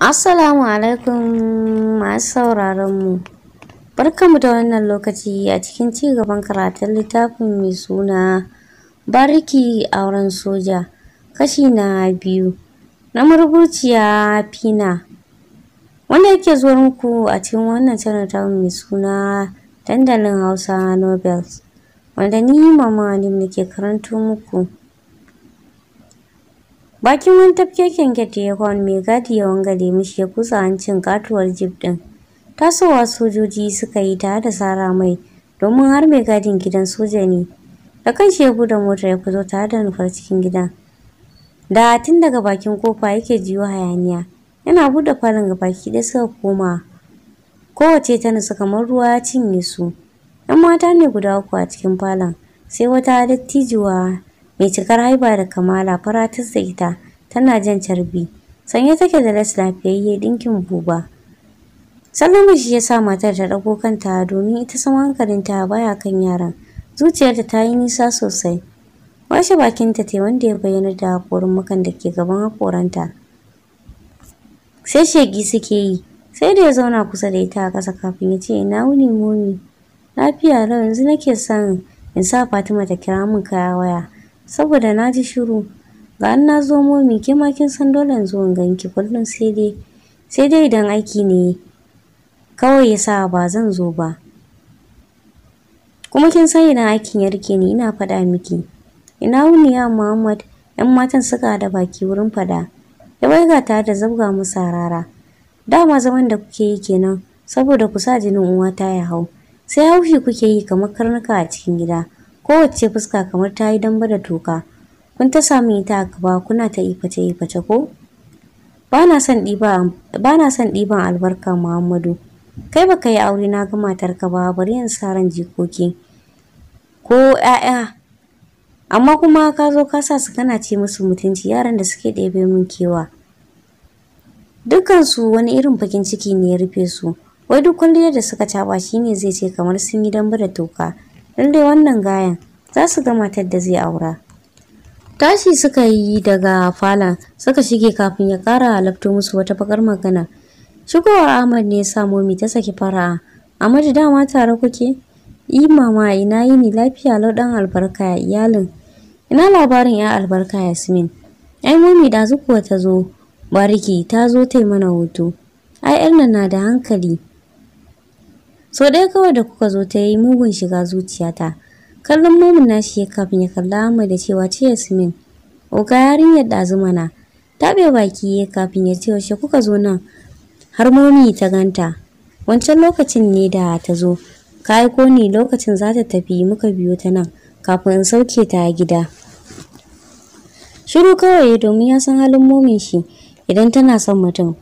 Assalamu alaikum masu Barka mu da wannan lokaci a cikin ci gaban karatun littafin mai suna Bariki auren soja kashi na biyu na marubuciya Fina. Wanda yake zuwa muku a cikin wannan channel mai suna dandalin Hausa Nobels wanda ni mama ne nake karanto muku. Bakin wani tafkeken gate ya kwan mai gadi ya wangale mishi ya kusa hancin katuwar jib ɗin. Tasowa sojoji suka yi tare da Sara mai domin har mai gadin gidan soja ne. Da kanshi ya buɗe mota ya fito tare da nufar cikin gidan. Da tun daga bakin kofa yake jiyo hayaniya. Yana buɗe falon ga baki ɗaya suka koma. Kowace ta nusa kamar ruwa ya cinye su. ‘Yan mata ne guda uku a cikin falon, sai wata dattijuwa mai cikar haiba da kamala faratis da ita tana jan carbi sanye take da las lafiyayye dinkin buba sallama shi ya sa matar ta ɗago kanta domin ita sama hankalinta baya kan yaran zuciyarta ta yi nisa sosai washe bakinta te wanda ya bayyana da haƙorin mukan da ke gaban haƙoranta sai shegi suke yi sai da ya zauna kusa da ita a ƙasa kafin ya ce ina wuni momi lafiya lau yanzu nake son in sa fatima ta kira min kaya waya saboda na ji shiru ga an na zo momi ke ma kin san dole in zo in ganki kullum sai dai sai dai idan aiki ne kawai ya sa ba zan zo ba kuma kin san idan aikin yarke rike ni ina faɗa miki ina wuni ya Muhammad yan matan suka da baki wurin faɗa ya bai ga ta da zabga musa rara dama zaman da kuke yi kenan saboda ku sa jinin uwata ya hau sai haushi kuke yi kamar karnuka a cikin gida kowace fuska kamar ta yi damba da toka kun ta sami ita a gaba kuna ta iface iface ko ba na son ɗiban albarka muhammadu kai ba ka yi aure na ga matarka ba bari yin saran jikoki ko 'ya'ya amma kuma ka zo ka sa su kana ce musu mutunci yaran da suke ɗebe min kewa dukansu wani irin bakin ciki ne ya rufe su wai duk kwalliyar da suka shi ne zai ce kamar sun yi damba da toka don dai wannan gayan za su ga matar da zai aura tashi suka yi daga falon suka shige kafin ya ƙara lafto musu wata bakar magana shigowar ahmad ne ya momi ta saki fara'a amadu dama tare kuke yi mama ina yi ni lafiya lau dan albarka ya iyalin ina labarin ya albarka yasmin ai momi da kuwa ta zo bariki ta zo ta mana hoto ai na da hankali So ɗaya kawai da kuka zo ta yi mugun shiga zuciyata. Kallon mamun nashi ya kafin ya kalla mai da cewa ce Yasmin. Oga yarinyar ɗazu mana. Taɓe baki ya kafin ya ce yaushe kuka zo nan. Har ta ganta. Wancan lokacin ne da ta zo. Ka aiko ni lokacin za ta tafi muka biyo ta nan kafin in sauke ta gida. Shiru kawai domin ya san halin momin shi idan tana son mutum.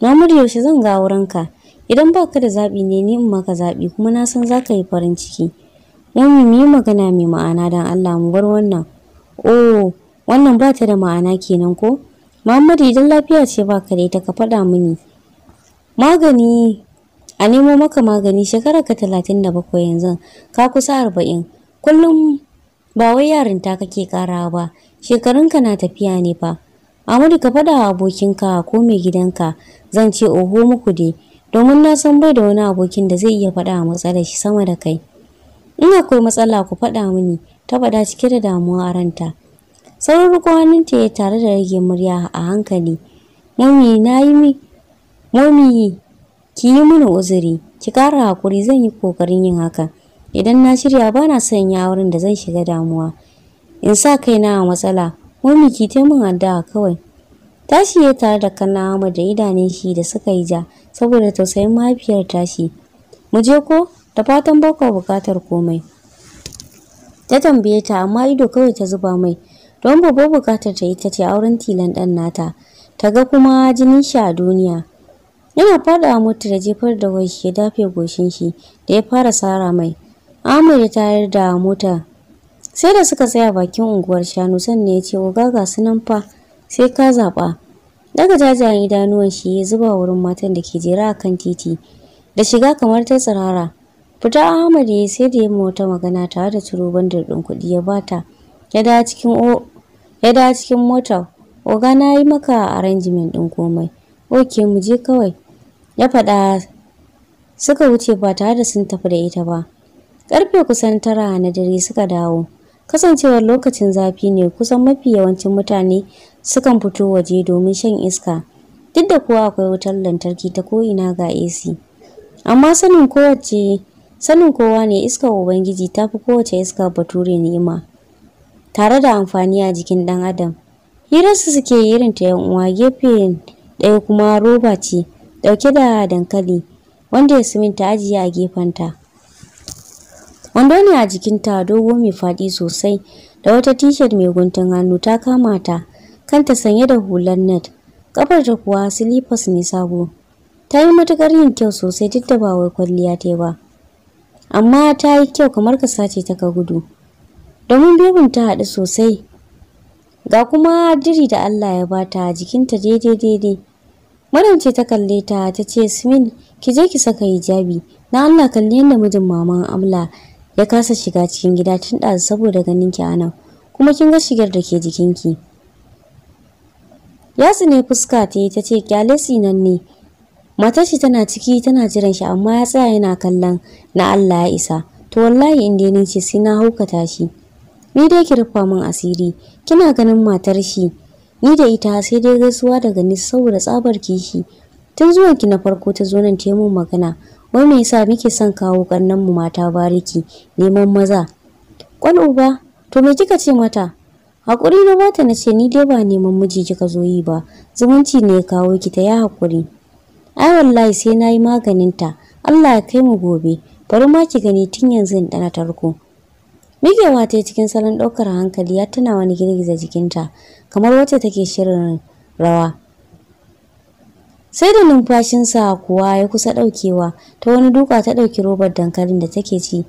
Na yaushe zan ga wurinka. idan ba ka da zaɓi ne ni in maka zaɓi kuma na san za ka yi farin ciki mummy mu yi magana mai ma'ana don allah mu bar wannan oh wannan ba ta da ma'ana kenan ko muhammadu idan lafiya ce ba ka da ita ka faɗa mini magani a nemo maka magani shekarar ka talatin da bakwai yanzu ka kusa arba'in kullum ba wai yarinta kake karawa ba shekarunka na tafiya ne fa amadu ka faɗa abokinka ko mai gidanka zan ce oho muku dai domin na san bai da wani abokin da zai iya faɗa a matsalar shi sama da kai. In akwai matsala ku faɗa mini ta faɗa cike da damuwa a ranta. Sauran riko ta ya tare da rage murya a hankali. Mami na yi ki yi mini uzuri ki ƙara hakuri zan yi ƙoƙarin yin haka. Idan na shirya ba na son yi wurin da zan shiga damuwa. In sa kaina a matsala Mami ki taimaka min addu'a kawai. Tashi ya tare da kana Ahmad da idanun shi da suka yi ja saboda tausayin mahaifiyar tashi mu je ko da fatan ba kwa buƙatar komai ta tambaye ta amma ido kawai ta zuba mai don babbar bukatar ta ita ce auren tilan ɗan nata ta ga kuma jinin shi a duniya yana faɗa mota da jefar da wai ya dafe goshin shi da ya fara sara mai Amadu ya tayar da mota sai da suka tsaya bakin unguwar shanu sannan ya ce ga sunan fa sai ka zaɓa daga jajayen idanuwan shi ya zuba wurin matan da ke jera a kan titi da shiga kamar ta tsirara fita ahmad ya sai da yamma wata magana tare da ciro bandar ɗin kuɗi ya bata ya dawo cikin ya dawo cikin mota oga na yi maka arrangement ɗin komai Ok mu je kawai ya faɗa suka wuce ba tare da sun tafi da ita ba karfe kusan tara na dare suka dawo kasancewar lokacin zafi ne kusan mafi yawancin mutane sukan fito waje domin shan iska duk da kuwa akwai wutar lantarki ta ko'ina ga AC. Amma sanin kowace sanin kowa ne iskar Ubangiji ta fi kowace iska bature ni'ima tare da amfani a jikin ɗan adam. Hirarsu suke irin ta yan uwa gefe ɗaya kuma roba ce ɗauke da dankali wanda ya siminta ajiye a gefenta. Wando ne a jikinta dogo mai faɗi sosai da wata t mai guntun hannu ta kama ta kanta sanye da hular net kafar ta kuwa silifas ne sabo ta yi matukar yin kyau sosai duk da ba wai kwalliya ta ba amma ta yi kyau kamar ka sace ta ka gudu domin bebin ta haɗu sosai ga kuma diri da Allah ya bata jikinta daidai daidai Maryam ce ta kalle ta ta ce Smin ki je ki saka hijabi na Allah kalle yadda mijin maman Amla ya kasa shiga cikin gida tun ɗazu saboda ganin ki anan kuma kin ga shigar da ke jikinki yatsu ne fuska ta yi ta ce kyale sinan ne matar shi tana ciki tana jiran shi amma ya tsaya yana kallon na Allah ya isa to wallahi in dai ce sai na haukata shi ni dai ki rufa min asiri kina ganin matar shi ni da ita sai dai gaisuwa daga ni saboda tsabar kishi tun zuwan ki na farko ta zo nan ta mun magana wai me yasa muke son kawo kannan mu mata bariki neman maza kwal uba to me kika ce mata Hakuri na bata na ce ni dai ba neman miji kika zo yi ba, zumunci ne kawo ki ta ya hakuri. Ai wallahi sai nayi maganin ta, Allah ya kai mu gobe, bari ma ki gani tun yanzu in ɗana tarko. Migewa ta cikin salon ɗaukar hankali ya tana wani girgiza jikinta, kamar wacce take shirin rawa. sai da numfashinsa kuwa ya kusa ɗaukewa ta wani duka ta ɗauki robar dankalin da take ci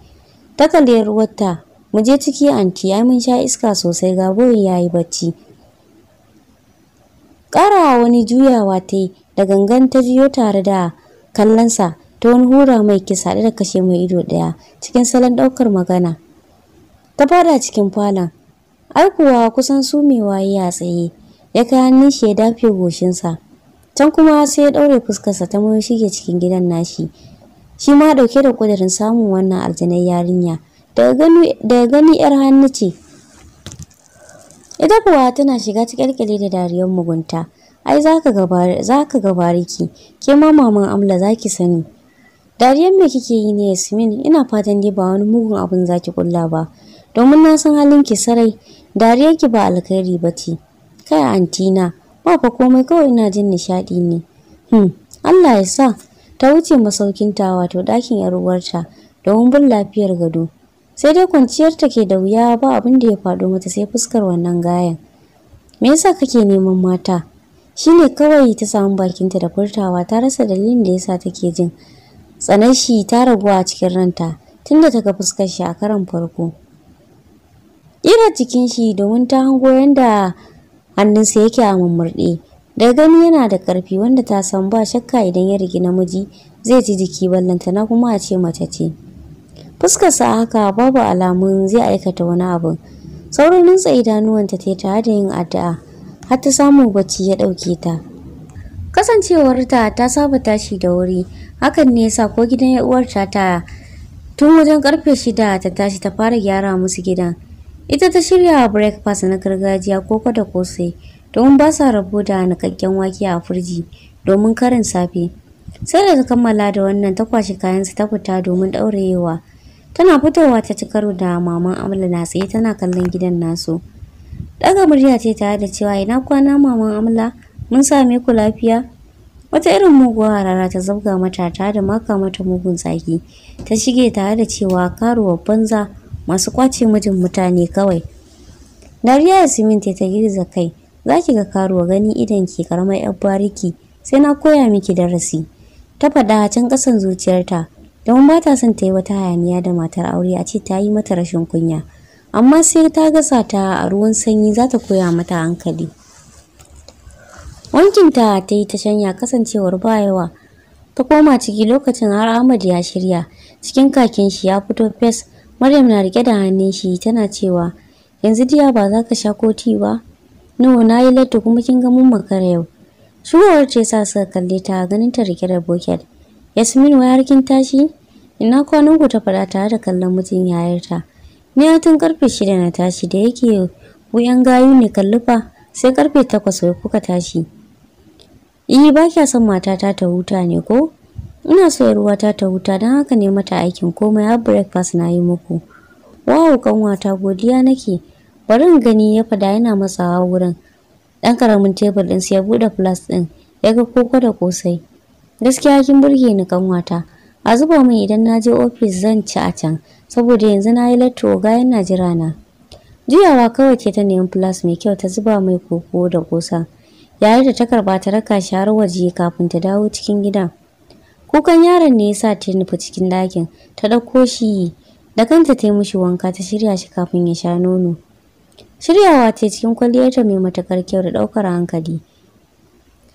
ta kalli ruwarta mu je ciki anti ya mun sha iska sosai ga boye yayi bacci ƙarawa wani juyawa ta yi da gangan ta jiyo tare da kallonsa ta wani hura mai kisa da kashe mai ido ɗaya cikin salon ɗaukar magana ta fada cikin falon ai kuwa kusan sumewa ya tsaye ya kai hannun shi ya dafe goshinsa can kuma sai ya ɗaure fuskarsa ta mun shige cikin gidan nashi shi ma ɗauke da ƙudurin samun wannan aljanai yarinya daga gani yar hannu ce ita kuwa tana shiga kyalkyale da dariyar mugunta ai zaka ga zaka ki, ke ma maman amla zaki sani dariyar me kike yi ne yasmin ina fatan dai ba wani mugun abin zaki kulla ba domin na san halin ki sarai dariyar ki ba alkhairi ce. kai antina ba fa komai kawai ina jin nishaɗi ne hmm Allah ya sa ta wuce masaukinta wato dakin 'yar uwarta domin bin lafiyar gado sai dai kwanciyar ta ke da wuya ba abin da ya faɗo mata sai fuskar wannan gayan me yasa kake neman mata shine kawai ta samu bakinta da furtawa ta rasa dalilin da yasa take jin tsanar shi ta ragu a cikin ranta tunda ta ga fuskar shi a karan farko ƙira jikin shi domin ta hango yanda hannunsa yake a mummurɗe daga gani yana da ƙarfi wanda ta san ba shakka idan ya rigi namiji zai ji jiki ballantana kuma a ce mace ce Fuskar sa haka babu alamun zai aikata wani abu saurin nutsa idanuwanta ta tare da yin addu'a har ta samu bacci ya ɗauke ta kasancewarta ta saba tashi da wuri hakan ne yasa ko gidan ya uwarta ta tun wajen karfe shida ta tashi ta fara gyara musu gidan ita ta shirya breakfast na gargajiya ko kwada kosai domin ba sa rabo da nakakken wake a firji domin karin safe sai da ta kammala da wannan ta kwashi kayansa ta fita domin ɗaurayewa tana fitowa ta ci karo da maman amla na tsaye tana kallon gidan nasu daga murya ce tare da cewa ina kwana maman amla mun same ku lafiya wata irin muguwa harara ta zabga mata ta da maka mata mugun tsaki ta shige tare da cewa karuwar banza masu kwace mijin mutane kawai dariya Siminti ta girza kai za ki ga karuwa gani idan ki karamar yar bariki sai na koya miki darasi ta faɗa can ƙasan zuciyarta don ba ta son ta yi wata hayaniya da matar aure a ce ta yi mata rashin kunya amma sai ta gasa ta a ruwan sanyi za ta koya mata hankali wankinta ta yi ta shanya kasancewar ba yawa ta koma ciki lokacin har Ahmad ya shirya cikin kakin shi ya fito fes Maryam na rike da hannun shi tana cewa yanzu diya ba za ka sha koti ba no na yi latta kuma kin ga mun makara yau shuwar ce sa suka kalle ta ganin ta rike da bokel. yasmin wayar kin tashi ina kwanan ku ta fada tare da kallon mutum yayarta ni tun karfe shida na tashi da yake wuyan gayu ne kallufa sai karfe takwas wai kuka tashi Iyi ba kya son matata ta huta ne ko? Ina so ruwa ta ta huta don haka ne mata aikin komai har breakfast na yi muku. Wow kanwata godiya nake. Bari in gani ya fada yana matsawa wurin. Dan karamin tebur din sai ya bude filas din. Ya ga koko da kosai. gaskiya kin burge ni kanwata a zuba min idan na je ofis zan ci a can saboda yanzu na yi latto ga yana jira na juyawa kawai ce ta neman plus mai kyau ta zuba mai koko da kosa yayin da ta karba ta raka shi har waje kafin ta dawo cikin gida. kukan yaron ne ya sa ta nufi cikin dakin ta ɗauko shi da kanta ta yi mishi wanka ta shirya shi kafin ya sha nono shiryawa ce cikin kwalliyarta mai matakar kyau da ɗaukar hankali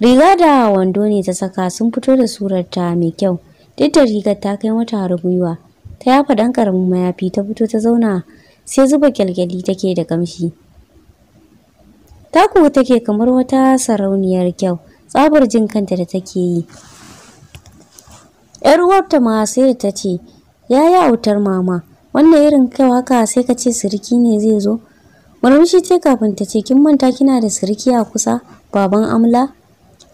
Riga da wando ne ta saka sun fito da surarta mai kyau. Duk da rigar ta kai mata har gwiwa. Ta yafa ɗan ƙaramin mayafi ta fito ta zauna sai zuba kyalkyali take da ƙamshi. Ta kuwa take kamar wata sarauniyar kyau, tsabar jin kanta da take yi. ‘Yar uwarta ma sai ta ce, ya yi autar mama, wannan irin kai haka sai ka ce siriki ne zai zo. Murmushi ce kafin ta ce, kin manta kina da siriki a kusa, baban amla?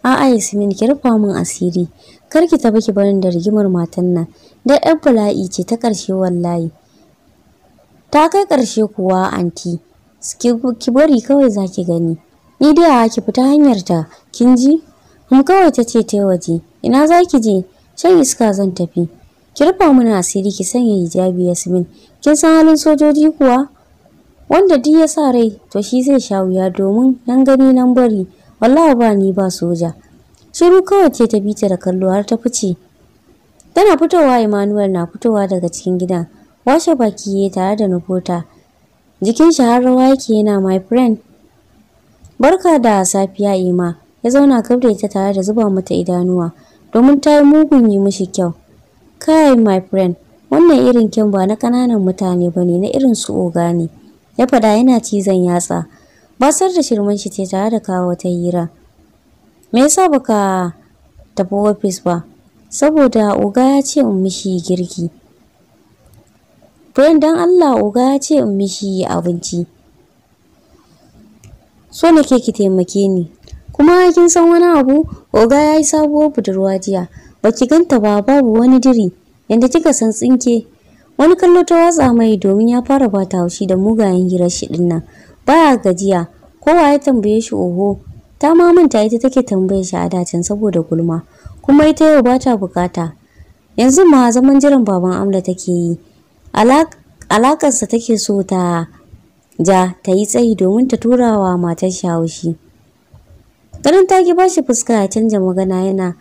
a'a Yasmin ki rufa min asiri kar ki tafi ki barin da rigimar matan nan da ɗan bala'i ce ta ƙarshe wallahi ta kai ƙarshe kuwa anti ki bari kawai za ki gani ni dai ki fita hanyar ta kin ji Kuma kawai ta ce ta waje ina za ki je shan iska zan tafi ki rufa mana asiri ki sanya hijabi Yasmin kin san halin sojoji kuwa wanda duk ya sa rai to shi zai sha wuya domin nan gani nan bari wallahi ba ni ba soja shiru kawai ce ta bita da kallo har ta fice tana fitowa Emmanuel na fitowa daga cikin gidan washe baki ya tare da nufota jikin shi har rawa yake yana my friend barka da safiya ima ya zauna gab da ita tare da zuba mata idanuwa domin ta yi mugun yi mishi kyau kai my friend wannan irin kyan ba na ƙananan mutane ba ne na irin su oga ne ya faɗa yana cizon yatsa basar da shirman shi ce tare da kawo wata hira me yasa baka tafi ofis ba saboda oga ya ce in mishi girki Brian dan Allah oga ya ce in mishi abinci so ke ki taimake ni kuma kin san wani abu oga ya yi sabuwar budurwa jiya baki ganta ba babu wani diri yanda kika san tsinke wani kallo ta watsa mai domin ya fara bata haushi da mugayen hirar shi dinnan baya gajiya kowa ya tambaye shi oho ta ma manta ita take tambayar shi a dacin saboda gulma kuma ita yau ba ta bukata yanzu ma zaman jiran baban amla take yi alakarsa take so ta ja ta yi tsayi domin ta tura wa matar shawushi ganin ta ki bashi fuska ya canja magana yana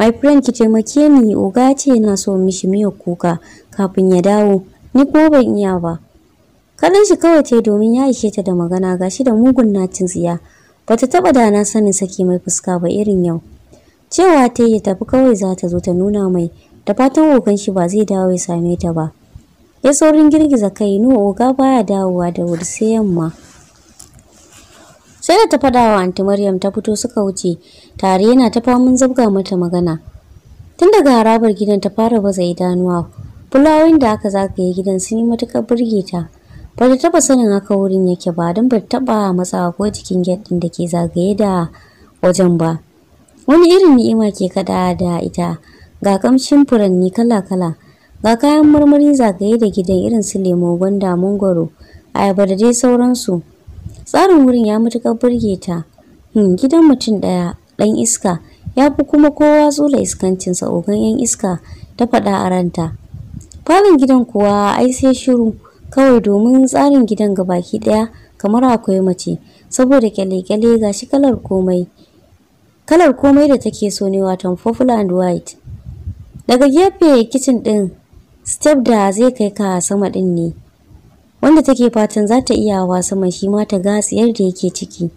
my friend ki taimake ni oga ce yana so mishi miyar kuka kafin ya dawo ni ko ban iya ba Kallon shi kawai ce domin ya ishe ta da magana gashi da mugun nacin tsiya. Bata taba dana na sanin saki mai fuska ba irin yau. Cewa ta yi tafi kawai za ta zo ta nuna mai da fatan ogan shi ba zai dawo ya same ta ba. Ya saurin girgiza kai no oga baya dawowa da wuri sai yamma. Sai da ta faɗawa wa Aunty Maryam ta fito suka wuce tare yana ta famun zabga mata magana. Tun daga harabar gidan ta fara baza idanuwa. Fulawoyin da aka zagaye gidan sun yi matuƙar burge ta. ba ta taba sanin haka wurin yake ba don ba ta matsawa ko cikin gyaɗin da ke zagaye da wajen ba wani irin ni'ima ke kaɗa da ita ga kamshin furanni kala-kala ga kayan marmari zagaye da gidan irin su lemo gwanda mangoro ayaba da dai sauransu tsarin wurin ya matuƙar burge ta hmm, gidan mutum ɗaya ɗan iska ya fi kuma kowa tsula iskancinsa ogan 'yan iska ta faɗa a ranta falon gidan kuwa ai sai shiru kawai domin tsarin gidan gabaki ɗaya kamar akwai mace saboda kyale-kyale ga shi kalar komai kalar komai da take so ne watan purple and white daga gefe kicin ɗin step da zai kai ka sama ɗin ne wanda take fatan za ta iya hawa sama shi ma ta gasiyar da yake ciki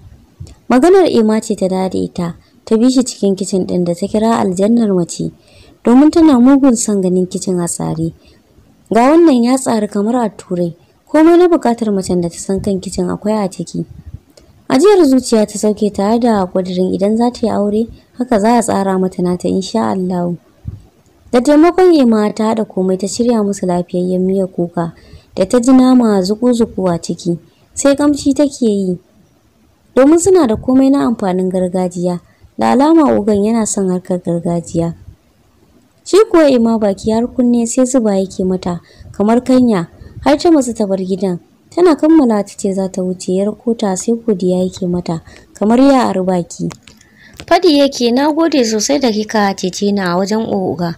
maganar ema ce ta dade ita ta bi shi cikin kicin ɗin da ta kira aljannar mace domin tana mugun son ganin kicin a tsare ga wannan ya tsari kamar a turai komai na buƙatar macen da ta san kan kicin akwai a ciki ajiyar zuciya ta sauke tare da ƙudirin idan za ta yi aure haka za a tsara mata nata insha Allah da taimakon yema ta haɗa komai ta shirya musu lafiyayyen miyar kuka da ta ji nama zuku-zuku a ciki sai kamshi take yi domin suna da komai na amfanin gargajiya da alama ogan yana son harkar gargajiya Shi kuwa ima baki har kunne sai zuba yake mata kamar kanya har ta masa ta gidan. Tana kammala ta ce za ta wuce yar kota sai godiya yake mata kamar ya baki. Fadi yake na gode sosai da kika cece ni a wajen oga.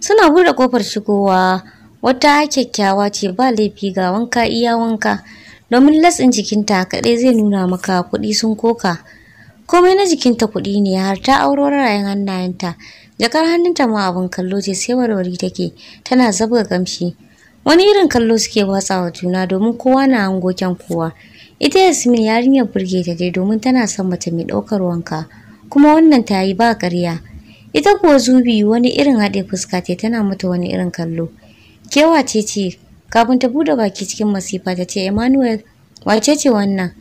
Suna buɗe kofar shigowa wata kyakkyawa ce ba laifi ga wanka iya wanka domin latsin jikinta kaɗai zai nuna maka kuɗi sun koka. Komai na jikinta kuɗi ne har ta auro rayan hannayenta. jakar hannunta ma abin kallo ce sai warwari take tana zabga gamshi wani irin kallo suke watsawa juna domin kowa na hango kyan kowa ita yasmin yarinyar burge ta dai domin tana son mace mai ɗaukar wanka kuma wannan ta yi ba ƙarya ita kuwa zubi wani irin haɗe fuska ce tana mata wani irin kallo kewa ce ce kafin ta bude baki cikin masifa ta ce emmanuel wace ce wannan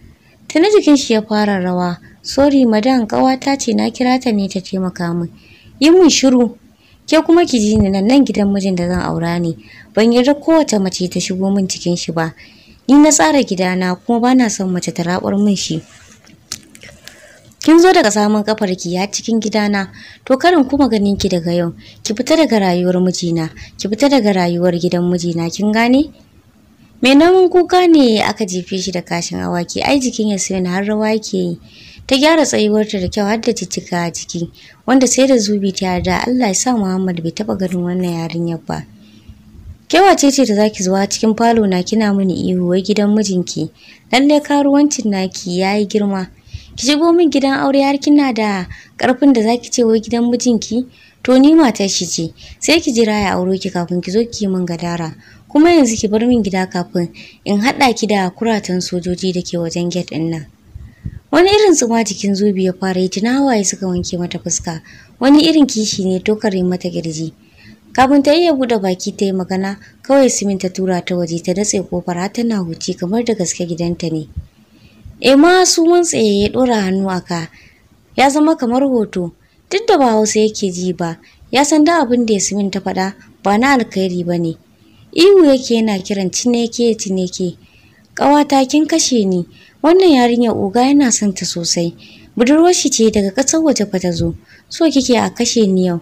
tuni jikin shi ya fara rawa sori madan ƙawata ce na kira ta ne ta taimaka min yi min shiru ke kuma ki ji ni nan nan gidan mijin da zan aura ne ban yarda kowace mace ta shigo min cikin shi ba ni na tsara gidana kuma bana son mace ta rabar min shi kin zo daga samun kafar ki ya cikin gidana to karin kuma ganin ki daga yau ki fita daga rayuwar mijina ki fita daga rayuwar gidan mijina kin gane me namun kuka ne aka jefe shi da kashin awaki ai jikin ya har rawa yake yi ta gyara tsayuwarta da kyau har da jijjiga a jiki wanda sai da zubi ta yarda Allah ya sa Muhammad bai taba ganin wannan yarinyar ba kewa ce ce da zaki zuwa cikin falo na kina mini ihu wai gidan mijinki lalle karuwancin naki yayi girma ki shigo min gidan aure har kina da karfin da zaki ce wai gidan mijinki to ni matar shi ce sai ki jira ya auro ki kafin ki zo ki min gadara kuma yanzu ki bar min gida kafin in haɗa ki da kuratan sojoji da ke wajen gate ɗin nan wani irin tsuma jikin zubi ya fara yi tuna hawaye suka wanke mata fuska wani irin kishi ne tokare mata girji kafin ta iya buɗe baki ta yi magana kawai simin ta tura ta waje ta datse kofar har tana huci kamar da gaske gidanta ne eh su mun tsaye ya ɗora hannu a ka ya zama kamar hoto duk da ba hausa yake ji ba ya san da abin da simin ta faɗa ba na alkhairi ba ne ihu yake yana kiran cineke cineke ƙawata kin kashe ni wannan yarinyar oga yana son ta sosai budurwar ce daga ƙasar waje fa ta zo so kike a kashe ni yau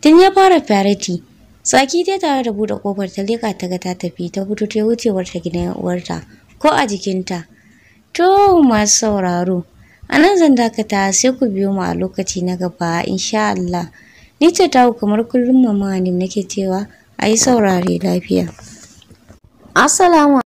tun ya fara fareti tsaki dai tare da buɗe kofar ta leƙa ta ga ta tafi ta fito ta wucewar ta gidan uwarta ko a jikinta to masu sauraro a nan zan dakata sai ku biyo mu a lokaci na gaba insha Allah ni ce taku kamar kullum mamani nake cewa a yi saurare lafiya assalamu